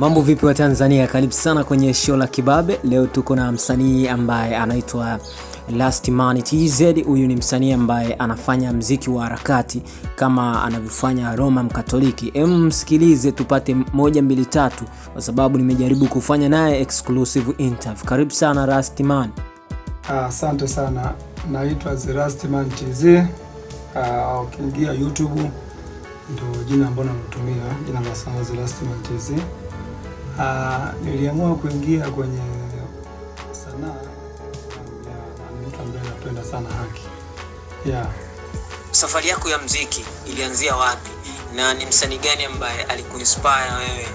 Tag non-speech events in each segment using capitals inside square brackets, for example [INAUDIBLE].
Mambo vipi wa Tanzania, karibu sana kwenye show la Kibabe. Leo tuko na msanii ambaye anaitwa Last Man TZ. Huyu ni msanii ambaye anafanya mziki wa harakati kama anavyofanya Roma Mkatoliki. Hem, msikilize tupate moja mbili tatu, kwa sababu nimejaribu kufanya naye exclusive interview. Karibu sana Last Man. Asante ah, sana. Naitwa The Last Man TZ. Ah, ukiingia YouTube ndio jina ambalo natumia, jina la sanaa The Last Man TZ. Uh, niliamua kuingia kwenye sanaa na mtu ambaye anapenda sana haki. Yeah. Safari yako ya mziki ilianzia wapi na ni msanii gani ambaye alikuinspire wewe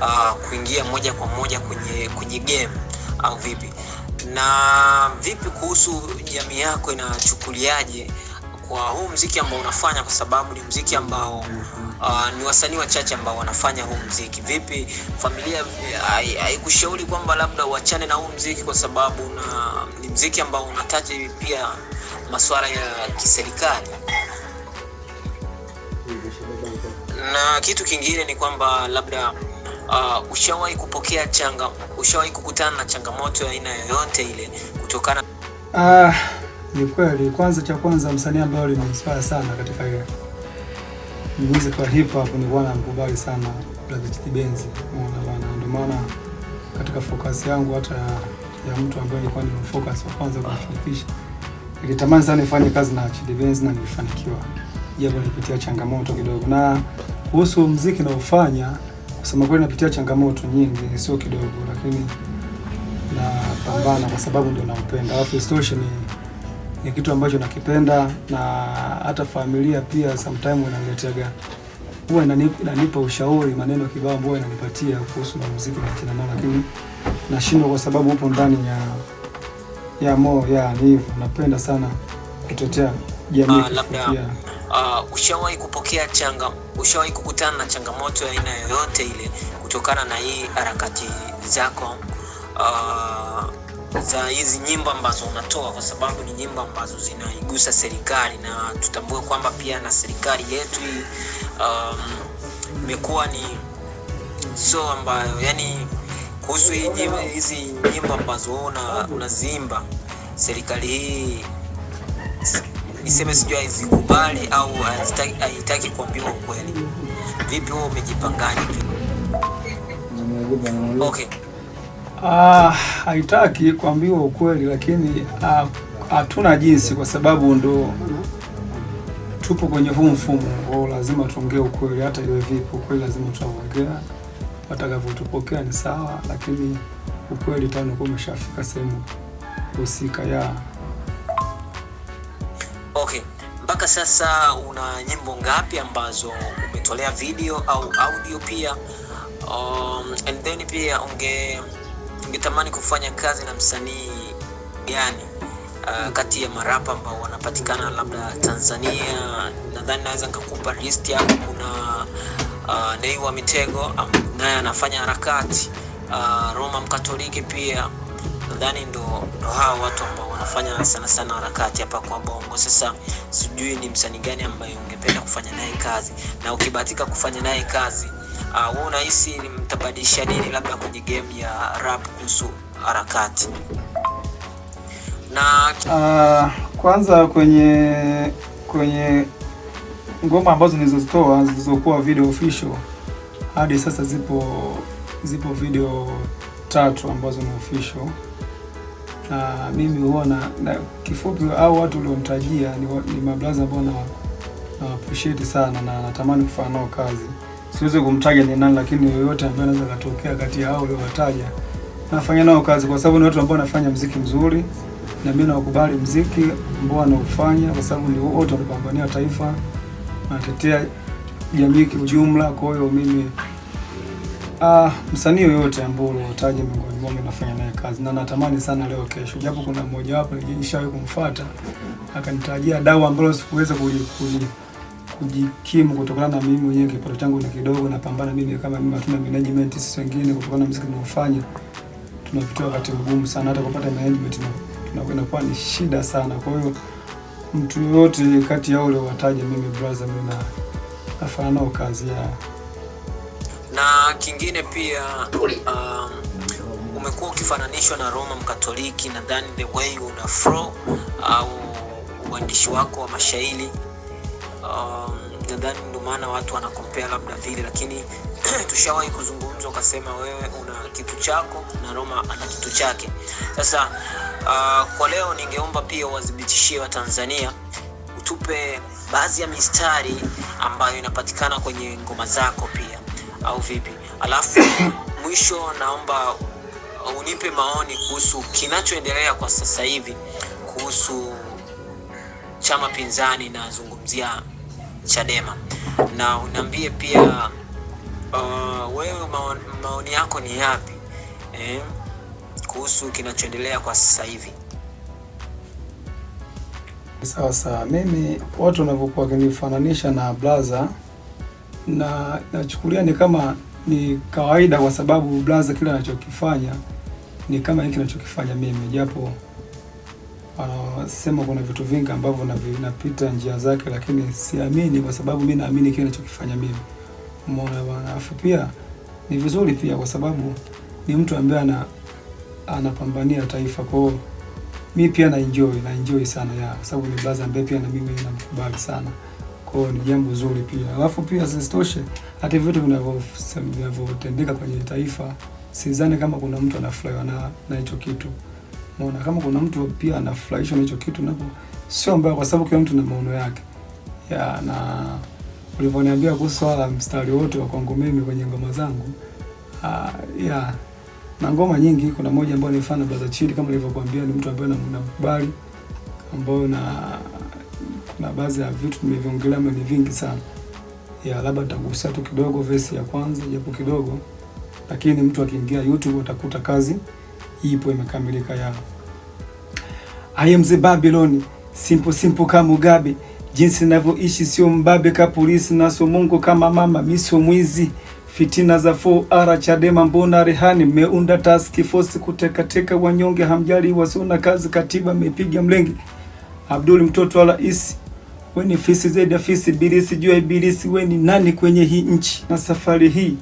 uh, kuingia moja kwa moja kwenye, kwenye game au vipi? Na vipi kuhusu jamii yako inachukuliaje kwa huu mziki ambao unafanya, kwa sababu ni mziki ambao uh, ni wasanii wachache ambao wanafanya huu mziki. Vipi familia haikushauri kwamba labda uachane na huu mziki kwa sababu na, ni mziki ambao unataja pia masuala ya kiserikali? Na kitu kingine ni kwamba labda uh, ushawahi kupokea changa, ushawahi kukutana na changamoto ya aina yoyote ile kutokana? Ah, ni kweli. Kwanza cha kwanza msanii ambaye alininspire sana katika hiyo music wa hip hop nilikuwa namkubali sana Brother Chidi Benz, unaona bana, ndio maana katika focus yangu hata ya ya mtu ambaye nilikuwa ni focus wa kwanza kumshirikisha, nilitamani sana nifanye kazi na Chidi Benz na nilifanikiwa, japo nilipitia changamoto kidogo. Na kuhusu muziki na ufanya, kusema kweli napitia changamoto nyingi, sio kidogo, lakini napambana kwa sababu ndio naupenda, alafu isitoshe ni ni kitu ambacho nakipenda na hata familia pia sometimes wananiletea huwa inanipa ushauri maneno kibao ambayo inanipatia kuhusu na muziki na kina mama, lakini nashindwa kwa sababu upo ndani ya ya mo ya ni hivyo. Napenda sana kutetea jamii ah, kufikia. Uh, ah, ushawahi kupokea changa, ushawahi kukutana na changamoto ya aina yoyote ile kutokana na hii harakati zako uh, za hizi nyimbo ambazo unatoa, kwa sababu ni nyimbo ambazo zinaigusa serikali, na tutambue kwamba pia na serikali yetu um, imekuwa um, ni so ambayo yani kuhusu hizi nyimbo ambazo una unazimba serikali hii niseme sijui haizikubali au haitaki kuambiwa ukweli. Vipi huo umejipangaje? Okay. Ah, haitaki kuambiwa ukweli, lakini ah, hatuna ah, jinsi, kwa sababu ndo tupo kwenye huu mfumo kwao, lazima tuongee ukweli, hata iwe vipi, ukweli lazima tutaongea. Watakavyotupokea ni sawa, lakini ukweli tano kwa umeshafika sehemu husika ya okay. Mpaka sasa una nyimbo ngapi ambazo umetolea video au audio pia? Um, and then pia unge ungetamani kufanya kazi na msanii gani? Uh, kati ya marapa ambao wanapatikana labda Tanzania, nadhani naweza nikakupa list yako. Kuna uh, ah, Nay wa Mitego naye anafanya harakati uh, Roma Mkatoliki pia nadhani ndo, ndo hawa watu ambao wanafanya sana sana harakati hapa kwa Bongo. Sasa sijui ni msanii gani ambaye ungependa kufanya naye kazi, na ukibahatika kufanya naye kazi uh, wewe unahisi mtabadilisha nini labda kwenye game ya rap kuhusu harakati? Na uh, kwanza kwenye kwenye ngoma ambazo nilizozitoa zilizokuwa video official hadi sasa zipo zipo video tatu ambazo ni official na mimi huona na kifupi, au watu ulionitajia ni, ni mablaza ambao na appreciate sana na natamani kufanya nao kazi siwezi kumtaja ni nani, lakini yoyote ambaye anaweza katokea kati ya hao uliowataja nafanya nao kazi, kwa sababu ni watu ambao wanafanya mziki mzuri, na mimi nawakubali mziki ambao wanaofanya, kwa sababu ni wote wanapambania taifa, wanatetea jamii kiujumla. Kwa hiyo mimi ah, msanii yoyote ambao uliowataja miongoni mwao nafanya naye kazi, na natamani sana leo kesho, japo kuna mmoja wapo nilishawahi kumfuata akanitajia dawa ambalo sikuweza kulifuatilia kujikimu kutokana na mimi mwenyewe kipato changu ni kidogo, napambana mimi kama mimi, hatuna management sisi wengine, kutokana na muziki tunaofanya tunapitia wakati mgumu sana, hata kupata management inakuwa ni shida sana. Kwa hiyo mtu yoyote kati ya wale wataja, mimi brother, mimi nafanya nao kazi ya na kingine pia um, umekuwa ukifananishwa na Roma Mkatoliki, nadhani the way una flow au uandishi wako wa mashairi um, nadhani ndio maana watu wanakompea labda vile, lakini [CLEARS THROAT] tushawahi kuzungumza, ukasema wewe una kitu chako na Roma ana kitu chake. Sasa uh, kwa leo ningeomba pia uwadhibitishie Watanzania utupe baadhi ya mistari ambayo inapatikana kwenye ngoma zako pia, au vipi? Alafu [COUGHS] mwisho naomba unipe maoni kuhusu kinachoendelea kwa sasa hivi kuhusu chama pinzani, nazungumzia Chadema, na unaambie pia uh, wewe maoni, yako ni yapi eh, kuhusu kinachoendelea kwa sasa hivi. Sawa sawa, mimi watu wanavyokuwa wakinifananisha na blaza na nachukulia ni kama ni kawaida, kwa sababu blaza kile anachokifanya ni kama hiki anachokifanya mimi japo anasema kuna vitu vingi ambavyo vinapita njia zake, lakini siamini, kwa sababu mi naamini kile anachokifanya mimi. Umeona bwana. Afu pia ni vizuri pia, kwa sababu ni mtu ambaye ana anapambania taifa. Kwa hiyo mi pia na enjoy na enjoy sana ya, kwa sababu ni baza ambaye pia na mimi namkubali sana, kwa hiyo ni jambo zuri pia. Alafu pia sisitoshe, hata vitu vinavyotendeka kwenye taifa, sidhani kama kuna mtu anafurahiwa na na hicho kitu. Unaona, kama kuna mtu pia anafurahishwa na hicho kitu napo sio mbaya, kwa sababu kila mtu na maono yake ya na ulivyoniambia kuhusu swala mstari wote wa kwangu mimi kwenye ngoma zangu uh, ya na ngoma nyingi. Kuna moja ambayo ni fana Brother Chidi, kama nilivyokuambia, ni mtu ambaye namkubali, ambayo na na baadhi ya vitu nimeviongelea ni vingi sana ya labda nitagusia tu kidogo vesi ya kwanza japo kidogo, lakini mtu akiingia YouTube utakuta kazi ipo imekamilika ya I am the Babylon simple simple kama Mugabe, jinsi ninavyoishi sio mbabe ka polisi, sio Mungu kama mama sio mwizi fitina za 4R Chadema, mbona rehani? Mmeunda task force kutekateka wanyonge, hamjali wasiona kazi, katiba mepiga mlenge. Abdul mtoto wa rais, we ni fisi zaidi ya fisi, bilisi juu ya bilisi we ni nani kwenye hii nchi na safari hii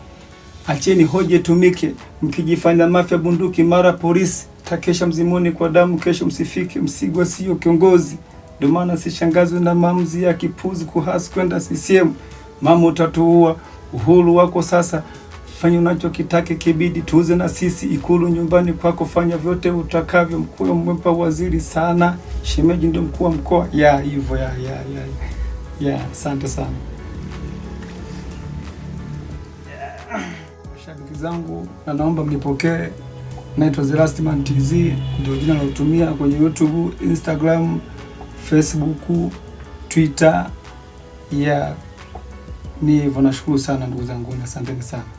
Acheni hoja tumike Mkijifanya mafya bunduki, mara polisi takesha mzimoni kwa damu, kesho msifike. Msigwa sio kiongozi, ndio maana sishangazwe na maamuzi ya kipuzi kuhasi kwenda CCM. Mama, utatuua. Uhuru wako sasa, fanya unachokitake, kibidi tuuze na sisi. Ikulu nyumbani kwako, fanya vyote utakavyo. Mkuu mmempa waziri sana, shemeji ndio mkuu wa mkoa ya hivyo ya ya ya, ya. Asante sana. zangu na naomba mnipokee. Naitwa The Last Man TZ, ndio jina nalotumia kwenye YouTube, Instagram, Facebook, Twitter. Yeah, ni hivyo. Nashukuru sana ndugu zangu, asanteni sana.